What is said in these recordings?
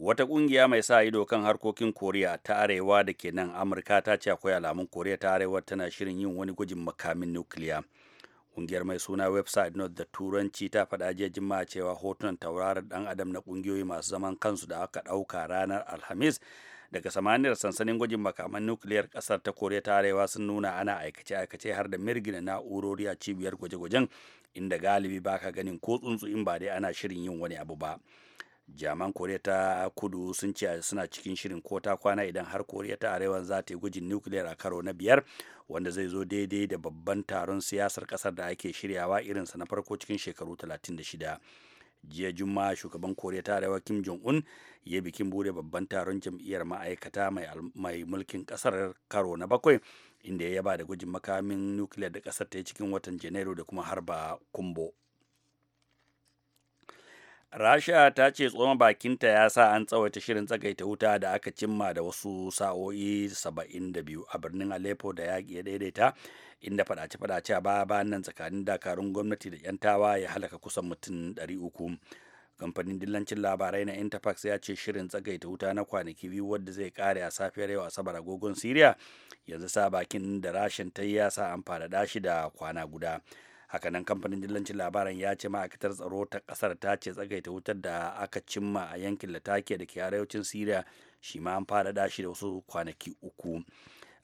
wata ƙungiya mai sa ido kan harkokin koriya ta arewa da ke nan amurka ta ce akwai alamun koriya ta arewa tana shirin yin wani gwajin makamin nukiliya ƙungiyar mai suna website note da turanci ta faɗa jiya jima'a cewa hotunan tauraron dan adam na ƙungiyoyi masu zaman kansu da aka ɗauka ranar alhamis daga samaniyar sansanin gwajin makaman nukiliyar kasar ta koriya ta arewa sun nuna ana aikace-aikace har da mirgina na'urori a cibiyar gwaje-gwajen inda galibi ba ka ganin ko tsuntsu in ba dai ana shirin yin wani abu ba jaman koriya ta kudu sun ce suna cikin shirin ko ta kwana idan har koriya ta arewa za ta yi gwajin nukiliyar a karo na biyar wanda zai zo daidai da babban taron siyasar kasar da ake shiryawa irinsa na farko cikin shekaru 36 jiya juma'a shugaban koriya ta arewa kim jong un ya bikin bude babban taron jam'iyyar ma'aikata mai mulkin kasar karo na bakwai inda ya yaba da gwajin makamin nukiliyar da kasar ta yi cikin watan janairu da kuma harba kumbo rasha ta ce tsohon bakinta ya sa an tsawaita shirin tsagaita wuta da aka cimma da wasu sa'o'i 72 a birnin aleppo da yaƙi ya daidaita inda fadace-fadace a baya bayan nan tsakanin dakarun gwamnati da 'yan tawa ya halaka kusan mutum 300 kamfanin dillancin labarai na interfax ya ce shirin tsagaita wuta na kwanaki biyu wadda zai kare a safiyar yau asabar agogon syria yanzu sa bakin da rashin ta yi ya sa an faɗaɗa shi da kwana guda hakanan kamfanin dillancin labaran ya ce ma'aikatar tsaro ta kasar ta ce tsagaita wutar da aka cimma a yankin latakia da ke arewacin syria shi ma an faɗaɗa shi da wasu kwanaki uku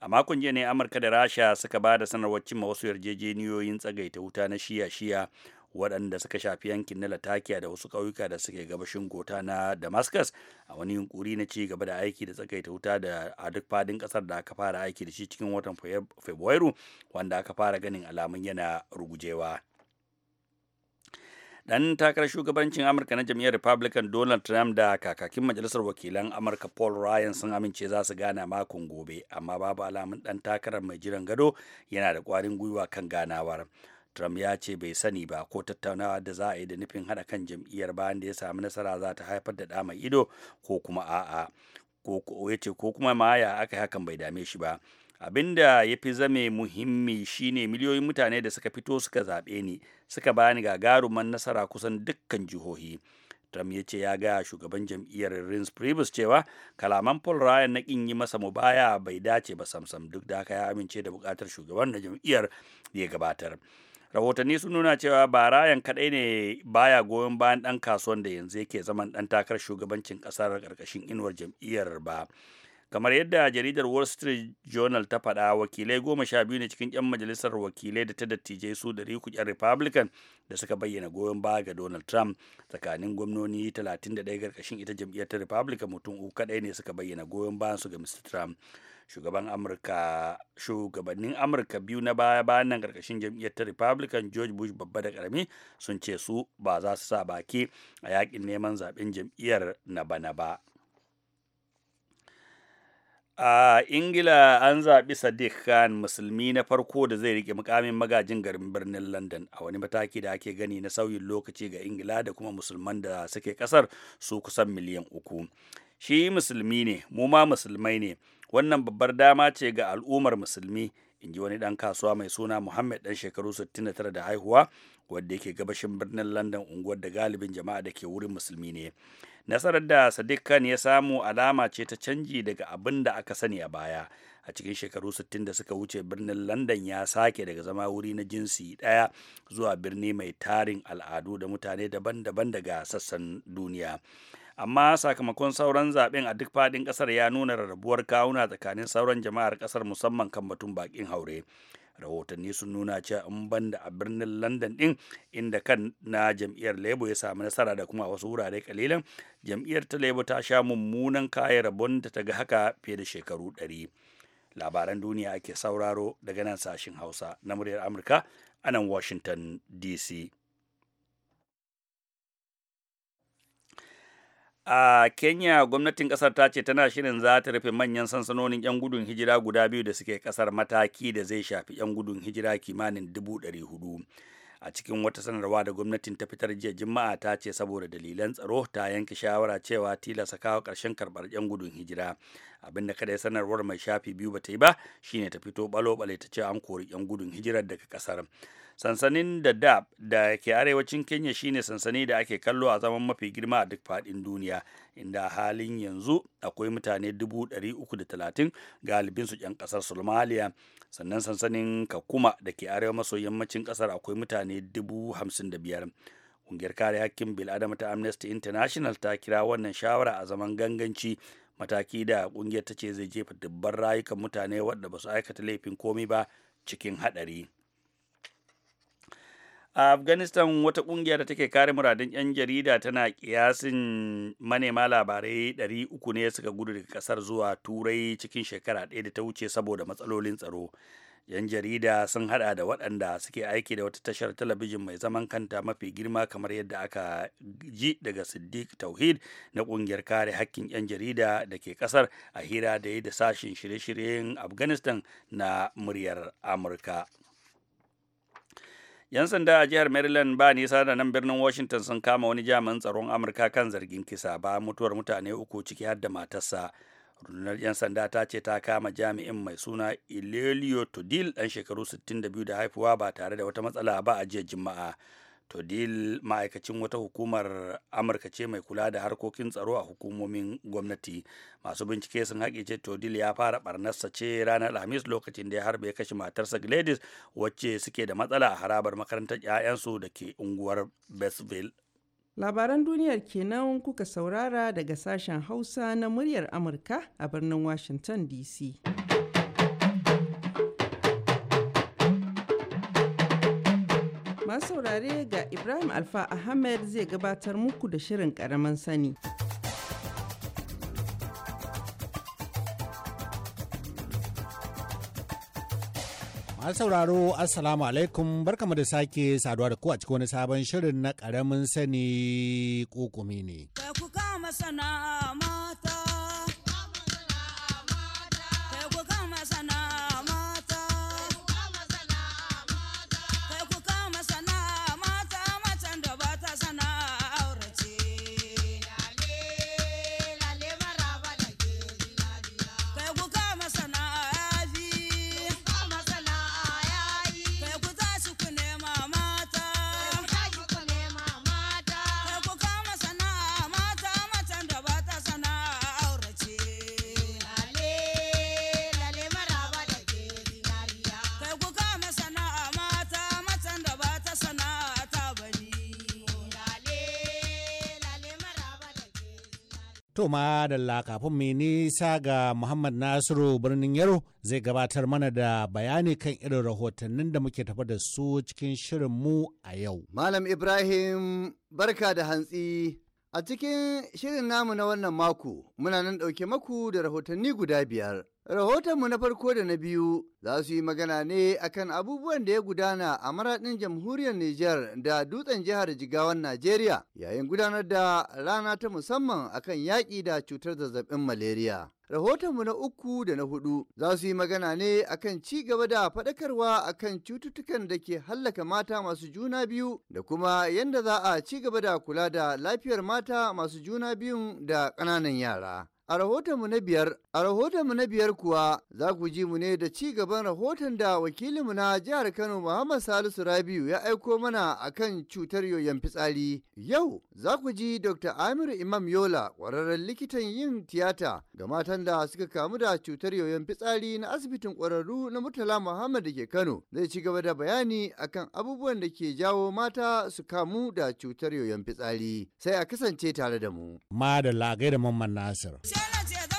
a makon jiya ne amurka da rasha suka ba da sanarwar cimma wasu yarjejeniyoyin tsagaita wuta na shiya shiya waɗanda suka shafi yankin na latakia da wasu ƙauyuka da suke gabashin gota na damascus a wani yunkuri na ci gaba da aiki da tsakaita wuta da a duk fadin ƙasar da aka fara aiki da shi cikin watan fabrairu wanda aka fara ganin alamun yana rugujewa dan takarar shugabancin amurka na jam'iyyar republican donald trump da kakakin majalisar wakilan amurka paul ryan sun amince za su gana makon gobe amma babu alamun dan takarar mai jiran gado yana da kwarin gwiwa kan ganawar Trump ya ce bai sani ba ko tattaunawa da za a yi da nufin hada kan jam'iyyar bayan da ya sami nasara za ta haifar da ɗa mai ido ko kuma a'a. Ko ya ce ko kuma ma ya aka hakan bai dame shi ba. abin da ya fi zame muhimmi shine miliyoyin mutane da suka fito suka zaɓe ni suka bani gagaruman nasara kusan dukkan jihohi Trump ya ce ya gaya shugaban jam'iyyar Rins Priebus cewa kalaman Paul Ryan na kin yi masa mubaya bai dace ba samsam duk da haka ya amince da buƙatar shugaban na jam'iyyar ya gabatar. rahotanni sun nuna cewa ba rayan kadai ne baya goyon bayan dan kasuwan da yanzu yake zaman dan takarar shugabancin kasar ƙarƙashin inuwar jam'iyyar ba kamar yadda jaridar wall street journal ta faɗa wakilai goma sha biyu ne cikin 'yan majalisar wakilai da ta dattijai su da riku 'yan republican da suka bayyana goyon baya ga donald trump tsakanin gwamnoni 31 ƙarƙashin ita jam'iyyar ta republican mutum uku kadai ne suka bayyana goyon bayan su ga mr trump shugaban amurka shugabannin amurka biyu na baya bayan nan karkashin jam'iyyar ta republican george bush babba da karami sun ce su ba za su sa baki a yakin neman zaben jam'iyyar na bana ba a ingila an zaɓi sadiq khan musulmi na farko da zai rike mukamin magajin garin birnin london a wani mataki da ake gani na sauyin lokaci ga ingila da kuma musulman da suke ƙasar su kusan miliyan uku shi musulmi ne mu ma musulmai ne wannan babbar dama ce ga al'ummar musulmi in ji wani ɗan kasuwa mai suna muhammad ɗan shekaru 69 da haihuwa wadda yake gabashin birnin london unguwar da galibin jama'a da ke wurin musulmi ne nasarar da sadiq khan ya samu alama ce ta canji daga abin da aka sani a baya a cikin shekaru 60 da suka wuce birnin london ya sake daga zama wuri na jinsi ɗaya zuwa birni mai tarin al'adu da mutane daban-daban daga sassan duniya amma sakamakon sauran zaben a duk fadin kasar ya nuna rarrabuwar kawuna tsakanin sauran jama'ar kasar musamman kan batun bakin haure rahotanni sun nuna cewa in banda a birnin london din inda kan na jam'iyyar labour ya samu nasara da kuma wasu wurare kalilan jam'iyyar ta labour ta sha mummunan kaya rabon ta ga haka fiye da shekaru ɗari labaran duniya ake sauraro daga nan sashen hausa na muryar amurka a nan washington dc a kenya gwamnatin kasar ta ce tana shirin za ta rufe manyan sansanonin 'yan gudun hijira guda biyu da suke kasar mataki da zai shafi 'yan gudun hijira kimanin dubu ɗari hudu a cikin wata sanarwa da gwamnatin ta fitar jiya juma'a ta ce saboda dalilan tsaro ta yanke shawara cewa tilasta kawo ƙarshen karɓar 'yan gudun hijira abin da kada sanarwar mai shafi biyu ba ta yi ba shine ta fito balo-bale ta ce an kori 'yan gudun hijirar daga ƙasar sansanin da dab da ke arewacin kenya shine sansani da ake kallo a zaman mafi girma a duk fadin duniya inda halin yanzu akwai mutane 330 galibinsu 'yan kasar somalia sannan sansanin kakuma da ke arewa maso yammacin kasar akwai mutane 55,000 ƙungiyar kare hakkin bil'adama ta amnesty international ta kira wannan shawara a zaman ganganci mataki da ƙungiyar ta ce zai jefa dubban rayukan mutane wadda ba su aikata laifin komi ba cikin haɗari. a afghanistan wata kungiya da take kare muradin 'yan jarida tana kiyasin manema labarai 300 ne suka gudu daga kasar zuwa turai cikin shekara ɗaya da ta wuce saboda matsalolin tsaro 'yan jarida sun hada da waɗanda suke aiki da wata tashar talabijin mai zaman kanta mafi girma kamar yadda aka ji daga siddiq tauhid na kungiyar kare hakkin 'yan jarida da ke kasar a hira da yi da sashen shirye-shiryen afghanistan na muryar amurka 'Yan sanda a jihar Maryland ba nisa da nan birnin Washington sun kama wani jami'in tsaron Amurka kan zargin kisa ba mutuwar mutane uku ciki har da matarsa. Rundunar 'yan sanda ta ce ta kama jami'in mai suna Ilelio Tudil dan shekaru 62 da haifuwa ba tare da wata matsala ba a jiya Juma'a. todil ma'aikacin wata hukumar amurka ce mai kula da harkokin tsaro a hukumomin gwamnati masu bincike sun haƙice todil ya fara barnarsa ce ranar alhamis lokacin da ya harbe ya kashe matarsa gladys wacce suke da matsala a harabar makarantar 'ya'yansu da ke unguwar bestville labaran duniyar kenan kuka saurara daga sashen hausa na muryar amurka a birnin washington dc Masu saurare ga Ibrahim Alfa Ahmed zai gabatar muku da shirin karaman sani. Masu sauraro Assalamu alaikum barkamu da sake saduwa da ku a cikin wani sabon shirin na karamin sani kukumi ne. Ka ku kama sana mata. To ma da kafin mai nisa ga Muhammad Nasiru birnin Yaro zai gabatar mana da bayani kan irin rahotannin da muke tafa da su cikin shirin mu a yau. Malam Ibrahim barka da hantsi a cikin shirin namu na wannan mako muna nan ɗauke maku da rahotanni guda biyar. Rahotonmu na farko da na biyu za su yi magana ne akan abubuwan da ya gudana a maraɗin jamhuriyar Nijar da dutsen jihar Jigawan Najeriya yayin gudanar da rana ta musamman akan yaƙi da cutar zazzabin malaria. Rahotonmu na uku da na hudu za su yi magana ne akan ci gaba da faɗakarwa akan cututtukan da ke hallaka mata masu juna biyu da kuma yadda za a ci gaba da kula da lafiyar mata masu juna biyun da ƙananan yara. A rahotonmu na biyar, a rahotonmu na biyar kuwa za ku ji mu ne da ci gaban rahoton da wakilinmu na jihar Kano Muhammad Salisu Rabiu ya aiko mana a kan cutar yoyon fitsari. Yau za ku ji Dr. Amir Imam Yola, ƙwararren likitan yin tiyata ga matan da suka kamu da cutar yoyon fitsari na asibitin ƙwararru na Murtala Muhammad da ke Kano. Zai ci gaba da bayani akan abubuwan da ke jawo mata su kamu da cutar yoyon fitsari. Sai a kasance tare da mu. Ma da lagai da Mamman Nasir. ṣé láti ẹ̀dá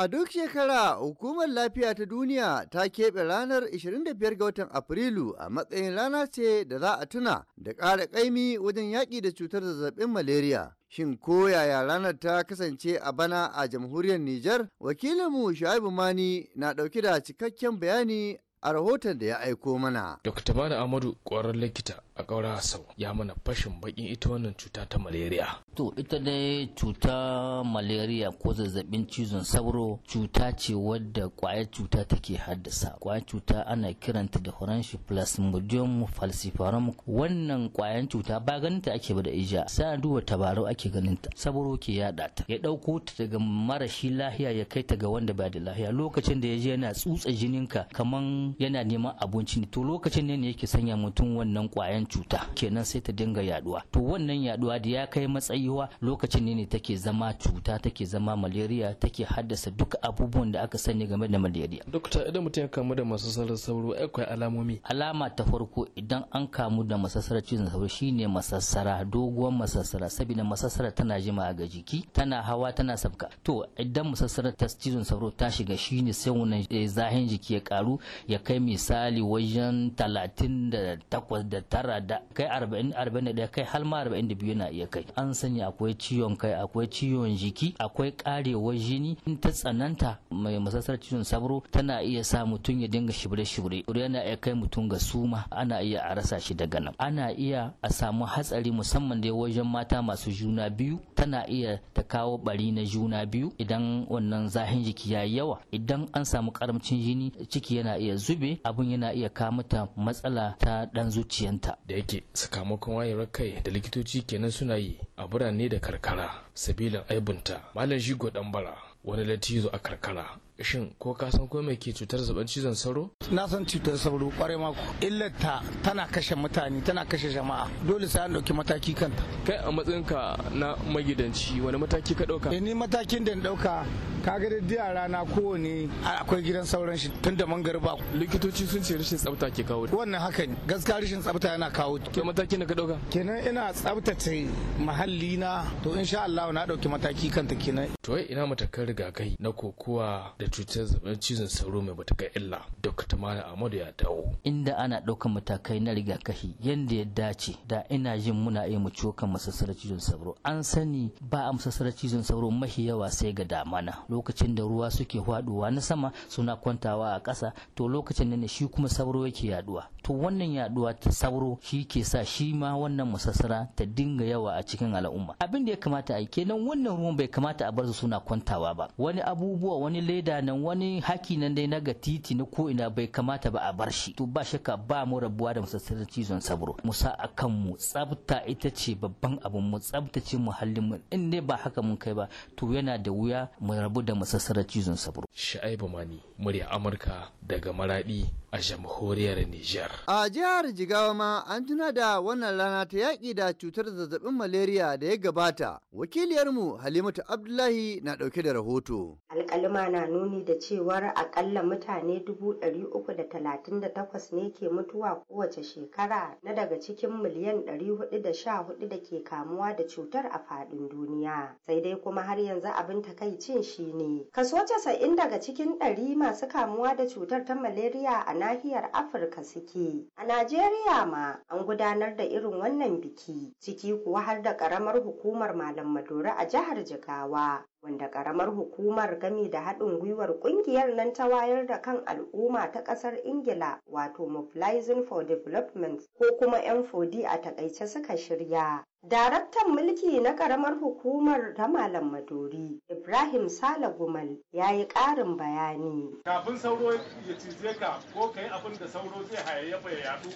A duk shekara, Hukumar Lafiya ta Duniya ta keɓe ranar 25 ga watan Afrilu a matsayin rana ce da za a tuna da ƙara ƙaimi wajen yaƙi da cutar zazzabin malaria. Shin ko yaya ranar ta kasance a bana a jamhuriyar Nijar? Wakilinmu Shu'aibu Mani na ɗauki da cikakken bayani a rahoton da ya aiko mana. dokta Bada Amadu ƙwarar likita a ƙaura sau ya mana fashin baƙin ita wannan cuta ta malaria. To ita dai cuta malaria ko zazzabin cizon sauro cuta ce wadda kwayar cuta take haddasa. Kwayar cuta ana kiranta da horanshi plasmodium falciparum. Wannan kwayar cuta ba ganinta ake ba da ija. Sai duba tabarau ake ganinta. Sauro ke yada ta. Ya ɗauko ta daga marashi lahiya ya kai ta ga wanda ba da lahiya. Lokacin da ya je yana tsutsa jinin ka kaman yana neman abinci ne. To lokacin ne yake sanya mutum wannan kwayan cuta. Kenan sai ta dinga yaduwa. To wannan yaduwa da ya kai matsayi yiwa lokacin ne ne take zama cuta take zama malaria take haddasa duka abubuwan da aka sani game da malaria dokta idan mutum ya kamu da masasarar sauro akwai alamomi alama ta farko idan an kamu da masasarar cizon sauro shine masassara doguwar masassara saboda masassara tana jima ga jiki tana hawa tana sabka to idan masasarar ta cizon sauro ta shiga shine sai wannan eh, zahin jiki ya karu ya kai misali wajen talatin da takwas da tara da kai arba'in arba'in da kai har ma arba'in da biyu na iya kai an san sani akwai ciwon kai akwai ciwon jiki akwai karewar jini in ta tsananta mai masasar ciwon sabro tana iya sa mutum ya dinga shibre-shibre yana iya kai mutum ga suma ana iya a rasa shi daga nan ana iya a samu hatsari musamman da wajen mata masu juna biyu tana iya ta kawo bari na juna biyu idan wannan zahin jiki ya yawa idan an samu karamcin jini ciki yana iya zube abun yana iya kawo mata matsala ta dan zuciyanta da yake sakamakon wayewar kai da likitoci kenan suna yi a birane da karkara sabilin aibunta malam shigo dambara bara wani zo a karkara shin ko ka san ko mai ke cutar zaben cizon sauro na san cutar sauro kwarai mako illata tana kashe mutane tana kashe jama'a dole sai an dauki mataki kanta kai a matsayinka na magidanci wani mataki ka dauka eh, ni matakin da na dauka kaga da diya rana kowane akwai gidan sauran shi tun da garba. likitoci sun ce rashin tsafta ke kawo wannan haka ne gaskiya rashin tsafta yana kawo ke mataki na ka dauka kenan ina tsaftace mahalli na to insha Allah na dauki mataki kanta kenan to ina matakan rigakai na kokowa da cutar zazzabin cizon sauro mai matakan illa dr tamara amadu ya dawo inda ana daukan matakai na rigakafi yanda ya dace da ina jin muna iya mu cokan masassarar cizon sauro an sani ba a masassarar cizon sauro mahi yawa sai ga damana lokacin da ruwa suke haɗuwa na sama suna kwantawa a ƙasa to lokacin ne shi kuma sauro yake yaduwa to wannan yaduwa ta sauro shi ke sa shi ma wannan musassara ta dinga yawa a cikin al'umma abin da ya kamata a yi kenan wannan ruwan bai kamata a bar su suna kwantawa ba wani abubuwa wani leda nan wani haki nan dai na ga titi na ko ina bai kamata ba a bar shi to ba shakka ba mu rabuwa da musassarar cizon sauro musa a kan mu tsabta ita ce babban abin mu tsaftace muhallin mu in dai ba haka mun kai ba to yana da wuya mu rabu da musassarar cizon sauro Sha'ibu Mani murya Amurka daga Maradi a jamhuriyar Nijar A jihar Jigawa ma an tuna da wannan rana ta yaƙi da cutar zazzabin malaria da ya gabata. Wakiliyarmu Halimatu Abdullahi na ɗauke da rahoto. Alƙalima na nuni da cewar aƙalla mutane dubu ɗari uku da talatin da takwas ne ke mutuwa kowace shekara na daga cikin miliyan ɗari hudu da sha hudu da ke kamuwa da cutar a faɗin duniya. Sai dai kuma har yanzu abin takaicin shi ne. Kaso casa'in daga cikin ɗari masu kamuwa da cutar ta malaria a nahiyar Afirka suke. A Najeriya ma an gudanar da irin wannan biki ciki kuwa har da ƙaramar hukumar Malam Maduri a jihar Jigawa. Wanda ƙaramar hukumar gami da haɗin gwiwar ƙungiyar nan ta wayar da kan al'umma ta ƙasar Ingila wato Mobilizing for Development ko kuma M4D a taƙaice suka shirya. Daraktan Mulki na Ƙaramar Hukumar ta Malam Madori, Ibrahim Sale Gumal, ya yi ƙarin bayani. Kafin sauro ya cize ka ko ka yi abin da sauro zai hayayyafa ya yadu,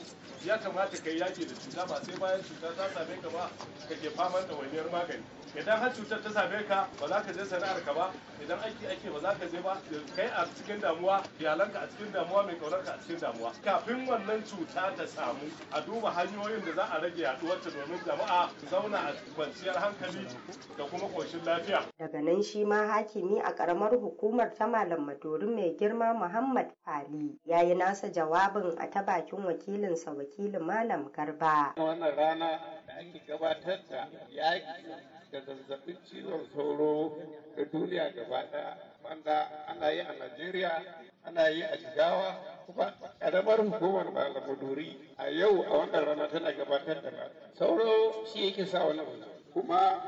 ya kamata ka yi yaƙi da cuta ba sai bayan cuta ta same ka ba ka ke faman ɗawainiyar magani. idan har cutar ta same ka ba za ka je sana'ar ka ba idan aiki ake ba za ka je ba kai a cikin damuwa iyalanka a cikin damuwa mai kaunar ka a cikin damuwa kafin wannan cuta ta samu a duba hanyoyin da za a rage yaduwar ta domin jama'a su zauna a kwanciyar hankali da kuma koshin lafiya daga nan shi ma hakimi a karamar hukumar ta malam madorin mai girma muhammad fali ya yi nasa jawabin a ta bakin wakilinsa wakilin malam garba wannan rana da ake gabatar da yaƙi da zazzabin cizon sauro da duniya gaba ɗaya wanda ana yi a Najeriya ana yi a Jigawa kuma ƙaramar hukumar Malamuduri a yau a wannan rana tana gabatar da sauro shi yake sa wani kuma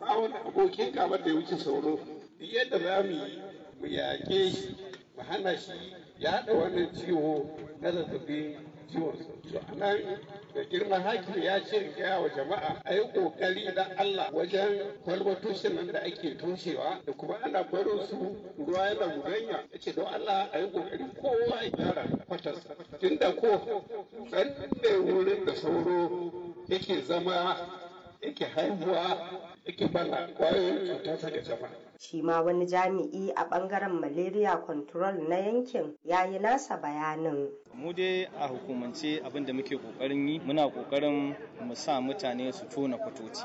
ba wani abokin kamar da ya wuce sauro yadda za mu yi mu yaƙe shi mu hana shi yaɗa wannan ciwo na zazzabin ciwon sauro. To anan da girman haki ya ce gaya wa jama'a a yi kokari da Allah wajen kwalba tushen da ake toshewa da kuma ana barin su ruwa yana muganya. ya ce don Allah a yi kokari kowa ya gyara fatarsa da ko ɗan wurin da sauro yake zama yake haihuwa yake bala kwayoyin cutarsa da jama'a. Shi ma wani jami'i a ɓangaren malaria control na yankin ya yi nasa bayanin. Mu dai a hukumance abin da muke ƙoƙarin yi muna ƙoƙarin mu sa mutane su tona kwatoci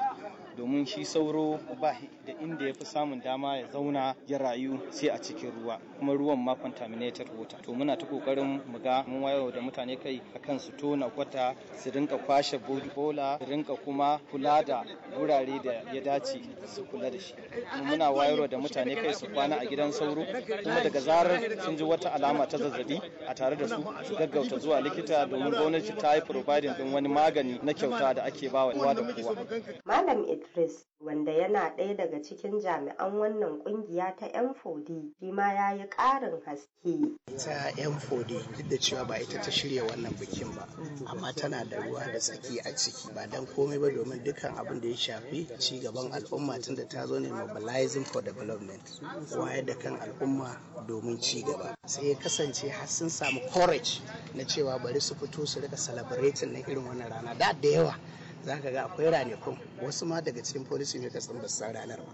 domin shi sauro ba da inda ya fi samun dama ya zauna ya rayu sai a cikin ruwa kuma ruwan ma contaminated water to muna ta kokarin mu ga mun wayo da mutane kai akan su tona kwata su rinka kwashe bola su rinka kuma kula da wurare da ya dace su kula da shi muna wayarwa da mutane kai su kwana a gidan sauro kuma daga zarar sun ji wata alama ta zazzabi a tare da su su gaggauta zuwa likita domin gwamnati ta yi providing din wani magani na kyauta da ake bawa wa da kowa malam Patrice, wanda yana ɗaya daga cikin jami'an wannan ƙungiya ta M4D, shi ma ya yi ƙarin haske. Ita M4D duk da cewa ba ita ta shirya wannan bikin ba, amma tana da ruwa da tsaki a ciki ba don komai ba domin dukkan abin da ya shafi ci gaban al'umma tun da ta zo ne mobilizing for development, wayar da kan al'umma domin ci gaba. Sai ya kasance har sun samu courage na cewa bari su fito su rika celebrating na irin wannan rana da da yawa za ka ga akwai ranakun wasu ma daga cikin policy makers din ba su san ranar ba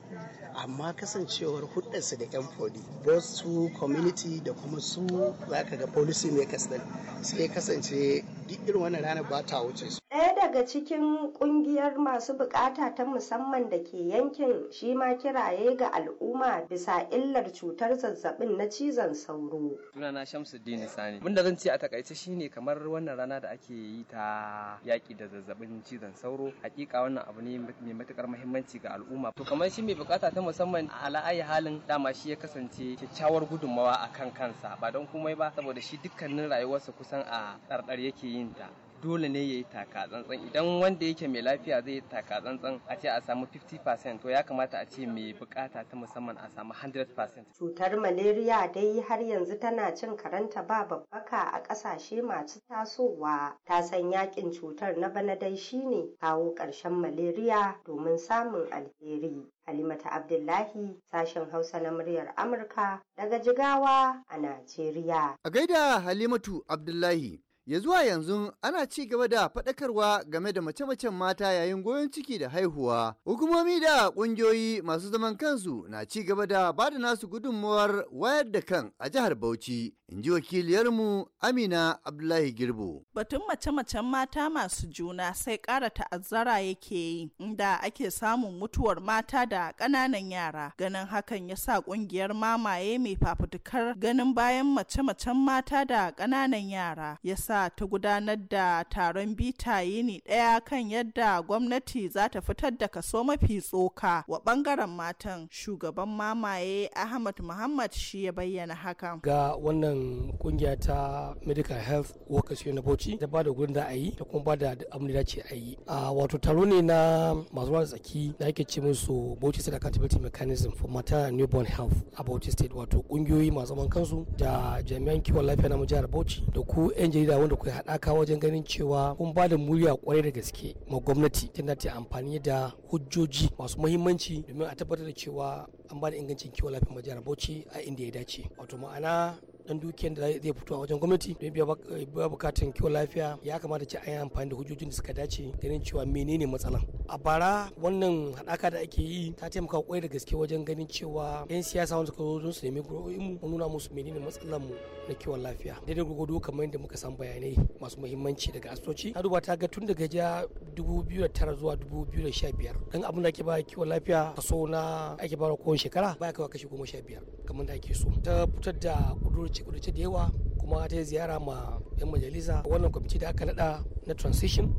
amma kasancewar hudarsu da yan poli su community da kuma su za ka ga policy makers din sai kasance duk irin wannan ranar ba ta wuce su. Ɗaya daga cikin ƙungiyar masu bukata ta musamman da ke yankin shi ma kiraye ga al'umma bisa illar cutar zazzabin na cizon sauro. Sunana Shamsuddin Sani. Mun da zan ce a takaice shine kamar wannan rana da ake yi ta yaƙi da zazzabin cizon sauro hakika wannan abu ne mai matukar muhimmanci ga al'umma to kamar shi mai bukata ta musamman ala ayi halin dama shi ya kasance kyakkyawar gudunmawa kan kansa ba don komai ba saboda shi dukkanin rayuwarsa kusan a ɗarɗar yake yin ta dole ne ya yi taka tsantsan idan wanda yake mai lafiya zai yi taka tsantsan a ce a samu 50% to ya kamata a ce mai bukata ta musamman a samu 100%. Cutar malaria dai har yanzu tana cin karanta ba babbaka a kasashe masu tasowa ta san yakin cutar na bana dai shine kawo karshen malaria domin samun alheri. Halimata Abdullahi sashen Hausa na muryar Amurka daga Jigawa a Najeriya. A gaida Halimatu Abdullahi ya zuwa yanzu ana ci gaba da faɗakarwa game da mace-macen mata yayin goyon ciki da haihuwa hukumomi da ƙungiyoyi masu zaman kansu na ci gaba da ba da nasu gudunmuwar wayar da kan a jihar bauchi in ji wakiliyarmu amina abdullahi girbo batun mace-macen mata masu juna sai ƙara ta'azzara yake yi inda ake samun mutuwar mata da ƙananan yara ganin hakan ya sa ƙungiyar mamaye mai fafutukar ganin bayan mace-macen mata da ƙananan yara ya sa ta gudanar da taron bita yini ɗaya kan yadda gwamnati za ta fitar da kaso mafi tsoka wa ɓangaren matan shugaban mamaye ahmad muhammad shi ya bayyana hakan ga wannan wannan kungiya ta medical health workers na bauchi da ba da gurin da a yi da kuma ba da abin da dace a yi a wato taro ne na masu ruwa tsaki da ake ce musu bauchi state accountability mechanism for maternal newborn health a bauchi state wato kungiyoyi masu zaman kansu da jami'an kiwon lafiya na jihar bauchi da ku yan jarida wanda ku haɗaka wajen ganin cewa kun ba da murya kwarai da gaske ma gwamnati tana ta amfani da hujjoji masu muhimmanci domin a tabbatar da cewa an ba da ingancin kiwon lafiya jihar bauchi a inda ya dace wato ma'ana dan dukiyar da zai fito a wajen gwamnati don eh, biya bukatun kiwon lafiya ya kamata ce a yi amfani da hujjojin da suka dace ganin cewa menene matsalan a bara wannan haɗaka da ake yi ta taimaka kwai da gaske wajen ganin cewa yan siyasa wanda suka zo don su nemi mu mu nuna musu menene matsalan mu na kiwon lafiya daidai gwargwado kamar yadda muka san bayanai masu muhimmanci daga asibitoci ta duba ta ga tun daga ja 2009 zuwa 2015 dan abin da ake ba kiwon lafiya kaso na ake ba kowace shekara baya kawai kashi 15 kamar da ake so ta fitar da kudurin kudace ce da yawa kuma ta ziyara ma 'yan majalisa wannan kwamiti da aka nada na transition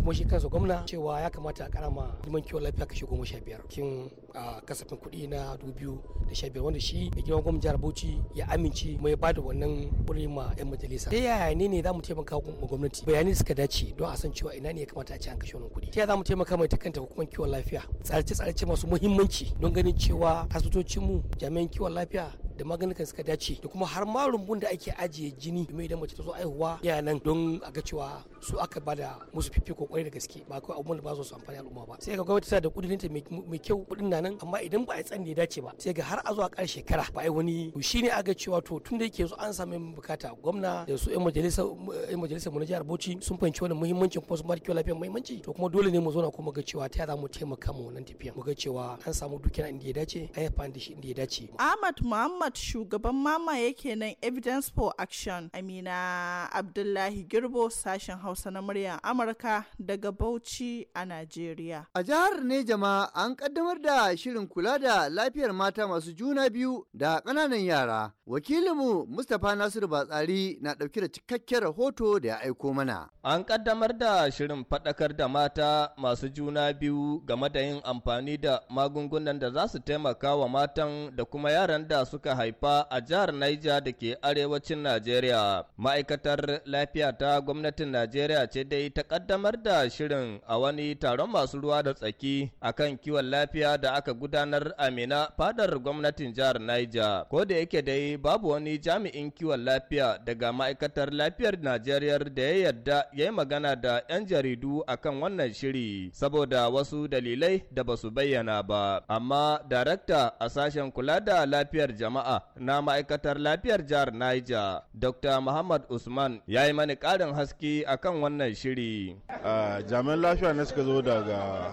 kuma shi kansa gwamna cewa ya kamata a karama liman kiwon lafiya kashi goma sha biyar kin a kasafin kuɗi na dubu biyu da sha biyar wanda shi mai girman gwamnan jihar bauchi ya amince mai ba da wannan wuri ma yan majalisa ta yaya ne ne za mu taimaka wa gwamnati bayanai suka dace don a san cewa ina ne ya kamata a ci an kashe wannan kuɗi ta yaya za mu taimaka mai ta kanta hukumar kiwon lafiya tsarce-tsarce masu muhimmanci don ganin cewa asibitocinmu jami'an kiwon lafiya da maganin suka dace da kuma har ma rumbun da ake ajiye jini domin idan mace ta zo aihuwa yana nan don a ga cewa su aka bada musu fifiko kwarai da gaske ba kawai abun da ba su amfani al'umma ba sai ga gwamnati ta da ta mai kyau kudin na nan amma idan ba a tsan da dace ba sai ga har a zuwa kar shekara ba ai wani shine a aga cewa to tun da yake so an samu bukata gwamna da su yan majalisar yan majalisar mu na jihar Bauchi sun fahimci wannan muhimmancin kuma sun lafiyar muhimmanci to kuma dole ne mu zo na kuma ga cewa ta za mu taimaka mu nan tafiya mu ga cewa an samu dukiyar inda ya dace ai yafa da shi inda ya dace Ahmad Muhammad Ahmad shugaban mamaye kenan Evidence for Action. Amina Abdullahi Girbo sashen Hausa na muryar Amurka daga Bauchi a Najeriya. A jihar Nejama an kaddamar da shirin kula da lafiyar mata masu juna biyu da ƙananan yara. Wakilinmu Mustapha Nasiru Batsari na ɗauke da cikakken rahoto da ya aiko mana. An ƙaddamar da shirin faɗakar da mata masu juna biyu game da yin amfani da magungunan da za su taimaka wa matan da kuma yaran da suka haifa a jihar Niger da ke arewacin Najeriya. Ma'aikatar lafiya ta gwamnatin Najeriya ce dai ta ƙaddamar da shirin a wani taron masu ruwa da tsaki akan kiwon lafiya da aka gudanar a Mina fadar gwamnatin jihar Niger. Ko da yake dai babu wani jami'in kiwon lafiya daga ma'aikatar lafiyar Najeriya da ya yarda ya yi magana da 'yan jaridu akan wannan shiri saboda wasu dalilai da ba su bayyana ba. Amma darakta a sashen kula da lafiyar jama'a na ma'aikatar lafiyar jihar Niger, Dr. Muhammad Usman ya yi mani ƙarin haske akan wannan shiri. Uh, jami'an lafiya ne suka zo daga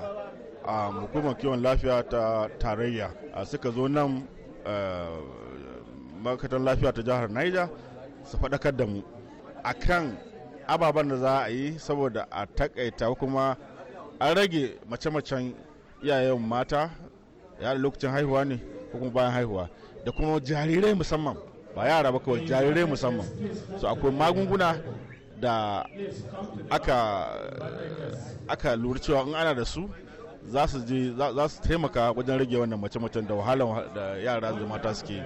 hukumar kiwon lafiya ta tarayya suka zo nan ma'aikatan lafiya ta jihar Niger su faɗakar da mu a kan ababen da za a yi saboda a takaita kuma an rage mace-macen iyayen mata ya lokacin haihuwa ne ko kuma bayan haihuwa da kuma jarirai musamman ba yara ba kawai jarirai musamman so akwai magunguna da aka lura cewa in ana da su za su je za su taimaka wajen rage wannan mace-macen da wahalar da yara da mata suke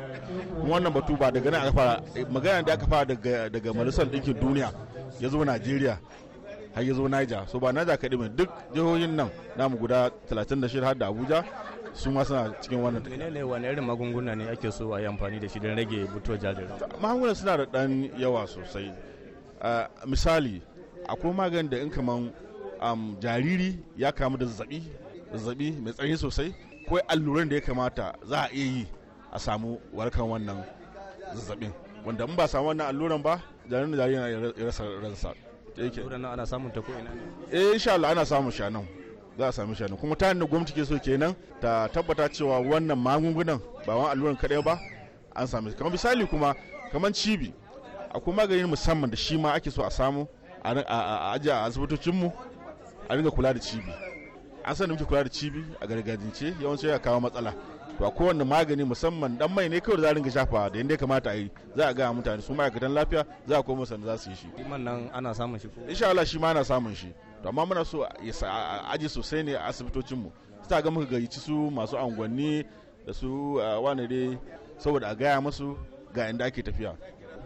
wannan batu ba daga nan aka fara magana da aka fara daga daga malisan ɗinkin duniya ya zo najeriya har ya zo niger so ba niger kaɗai mai duk jihohin nan namu guda 36 har da abuja su ma suna cikin wannan tafiya. Menene wani irin magunguna ne ake so a yi amfani da shi don rage buto jajiri? Magunguna suna da ɗan yawa sosai. Ah, misali, akwai maganin da in kaman um, jariri ya kamu da zazzabi zazzabi mai tsanani sosai ko alluran da ya kamata za a iya yi a samu warkan wannan zazzabin wanda in ba samu wannan alluran ba jaririn jaririn ya rasa ransa yake ana samun ta ko ina ne eh insha Allah ana samun shi nan za a shi shanu kuma ta da gwamnati ke so kenan ta tabbata cewa wannan magungunan ba wani alluran kadai ba an samu kamar misali kuma kamar cibi akwai maganin musamman da shi ma ake so a samu a ajiye a asibitocinmu a dinga kula da cibi an san da muke kula da cibi a gargajiyance yawanci ya kawo matsala to a kowane magani musamman dan mai ne kawai da zarin ga shafa da yadda kamata a yi za a gaya mutane su ma'aikatan lafiya za a koma sanda za su yi shi iman nan ana samun shi ko insha Allah shi ma ana samun shi to amma muna so ya aji sosai ne a asibitocin mu ta ga muka gayyaci su masu angwanni da su wani dai saboda a gaya musu ga inda ake tafiya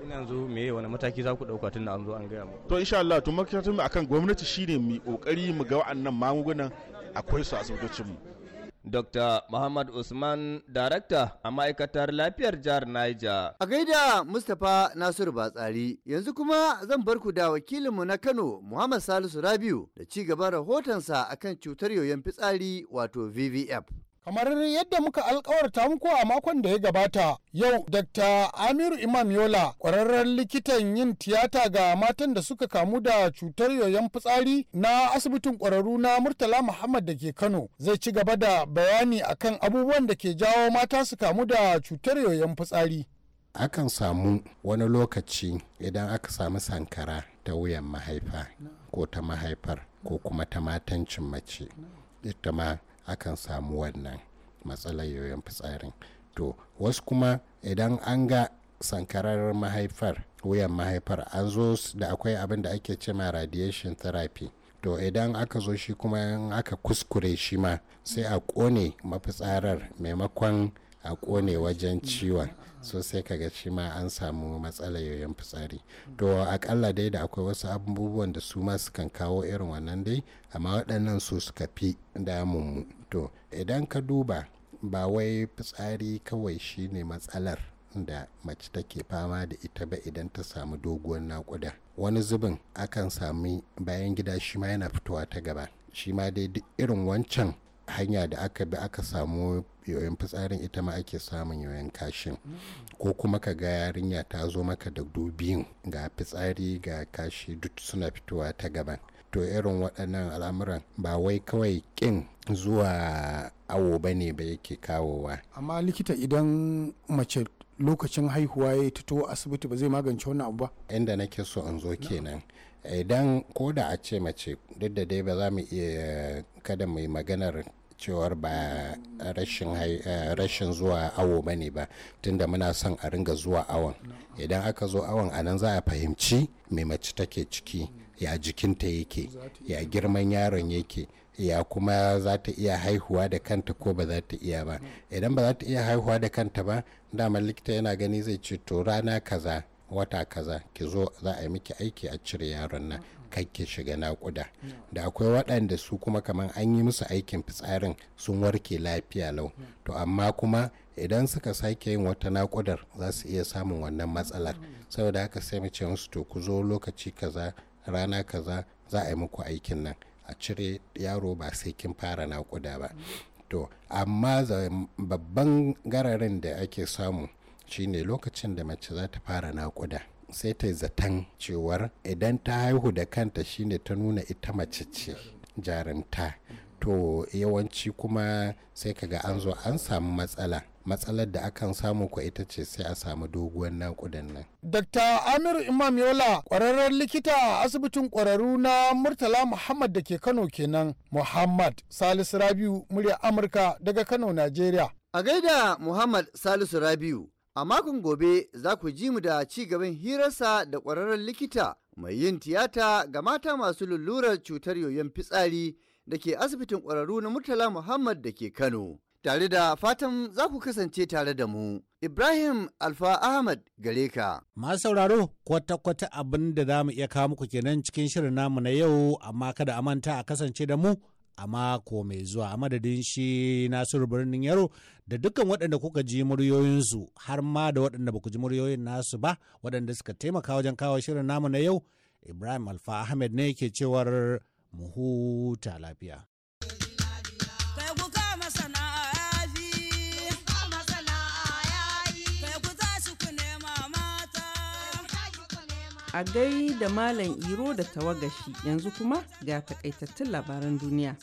in yanzu me wani mataki za ku dauka tun da an zo an gaya mu to insha Allah to makarantar mu akan gwamnati shine mu kokari mu ga wa'annan magungunan akwai su asibitocin mu Dr. Muhammad Usman, Darakta a ma'aikatar lafiyar jihar Niger. A gaida Mustapha Nasiru Batsari, yanzu kuma zan barku da wakilinmu na Kano, Muhammad Salisu Rabiu, da ci gaban rahotonsa akan cutar yoyon fitsari wato VVF. kamar yadda muka alkawarta muku a makon da ya gabata yau dr amiru imam yola kwararren likitan yin tiyata ga matan da suka kamu da cutar yoyon fitsari na asibitin kwararru na murtala muhammad da ke kano zai ci gaba da bayani akan abubuwan da ke jawo mata su kamu da cutar yoyon fitsari akan samu wani lokaci idan aka samu sankara ta wuyan mahaifa ko ta mahaifar ko kuma ta matancin mace ita ma akan samu wannan matsalar yoyon fitsarin to wasu kuma idan an ga sankarar mahaifar wuyan mahaifar an zo da akwai abin da ake ce ma radiation therapy to idan aka zo shi kuma aka kuskure shi ma sai a kone mafitsarar maimakon a kone wajen ciwon so sai kaga shi ma an samu matsala yoyon fitsari to akalla dai da akwai wasu abubuwan da su ma kan kawo irin wannan dai amma waɗannan su suka fi damun mu to idan ka duba ba wai fitsari kawai shi ne matsalar da mace take fama da ita ba idan ta samu doguwar naƙuda wani zubin akan sami bayan gida shi ma yana fitowa ta gaba shi ma dai duk irin wancan hanya da aka bi aka samu yoyon fitsarin ita ma ake samun yoyon kashin ko kuma ka ga yarinya ta zo maka da dubin ga fitsari ga kashi duk suna fitowa ta gaban to irin waɗannan al'amuran ba wai kawai ƙin zuwa awo ba ne ba yake kawowa amma likita idan mace lokacin haihuwa ya fito asibiti ba zai magance wani abu ba inda nake so in zo kenan idan ko da a ce mace duk da dai ba za mu iya kada mu maganar cewar ba rashin zuwa awo ba ne ba tunda muna son a ringa zuwa awon idan aka zo awon a nan za a fahimci mai mace take ciki ya jikinta yake ya girman yaron yake ya kuma za ta iya haihuwa da kanta ko ba za ta iya ba idan ba za ta iya haihuwa da kanta ba dama likita yana gani zai ce to rana kaza wata kaza ki zo za a yi miki aiki a cire yaron nan kai ki shiga naƙuda da akwai waɗanda su kuma kamar an yi musu aikin fitsarin sun warke lafiya lau to amma kuma idan suka sake yin wata naƙudar za su iya samun wannan matsalar saboda haka sai mu ce musu to ku zo lokaci kaza rana kaza za a yi muku aikin nan a cire yaro ba sai kin fara naƙuda ba to amma babban gararin da ake samu shine lokacin da mace za ta fara naƙuda sai ta zaton cewar idan ta haihu da kanta shine ta nuna ita mace ce jarinta to yawanci kuma sai kaga an zo an samu matsala matsalar da akan samu ko ita ce sai a samu doguwar nakudan nan. Dr. Amir Imam Yola ƙwararren likita a asibitin Ƙwararru na Murtala Muhammad da ke Kano kenan Muhammad Salisu Rabiu murya Amurka daga Kano Najeriya. A gaida Muhammad Salisu Rabiu a makon gobe za ku ji mu da ci gaban hirarsa da ƙwararren likita mai yin tiyata ga mata masu lullurar cutar yoyon fitsari da ke asibitin Ƙwararru na Murtala Muhammad da ke Kano. tare da fatan za ku kasance tare da mu. Ibrahim Alfa Ahmad gare ka. Masu sauraro kwata-kwata abin da za mu iya kawo muku kenan cikin shirin namu na yau amma kada a manta a kasance da mu a mako mai zuwa a madadin shi Nasiru birnin Yaro da dukkan waɗanda kuka ji muryoyinsu har ma da waɗanda ba ku ji muryoyin nasu ba waɗanda suka taimaka wajen kawo shirin namu na yau Ibrahim Alfa Ahmed ne ke cewar mu huta lafiya. a gai da Malam Iro da tawagashi yanzu kuma ga takaitattun labaran duniya.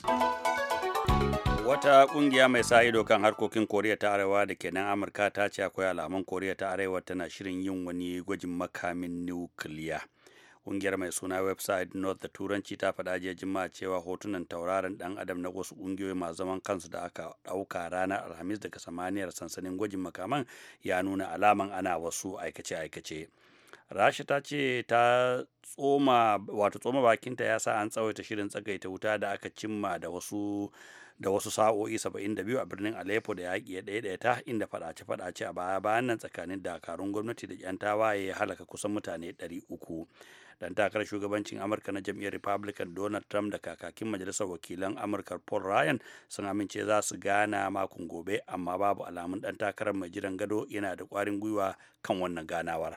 Wata kungiya mai sa ido kan harkokin Koriya ta Arewa da ke nan Amurka ta ce akwai alamun Koriya ta Arewa tana shirin yin wani gwajin makamin nukiliya. Kungiyar mai suna website North da Turanci ta faɗa jiya jima'a cewa hotunan tauraron dan adam na wasu kungiyoyi masu zaman kansu da aka ɗauka ranar Alhamis daga samaniyar sansanin gwajin makaman ya nuna alaman ana wasu aikace-aikace. rasha ta ce ta tsoma wato tsoma bakinta ya sa an tsawaita shirin tsagaita wuta da aka cimma da wasu da wasu sa'o'i 72 a birnin Aleppo da yaƙi ya ɗaya ta inda faɗace-faɗace a baya bayan nan tsakanin dakarun gwamnati da 'yan tawaye ya halaka kusan mutane 300. Dan takarar shugabancin Amurka na jam'iyyar Republican Donald Trump da kakakin majalisar wakilan Amurka Paul Ryan sun amince za su gana makon gobe amma babu alamun dan takarar mai jiran gado yana da ƙwarin gwiwa kan wannan ganawar.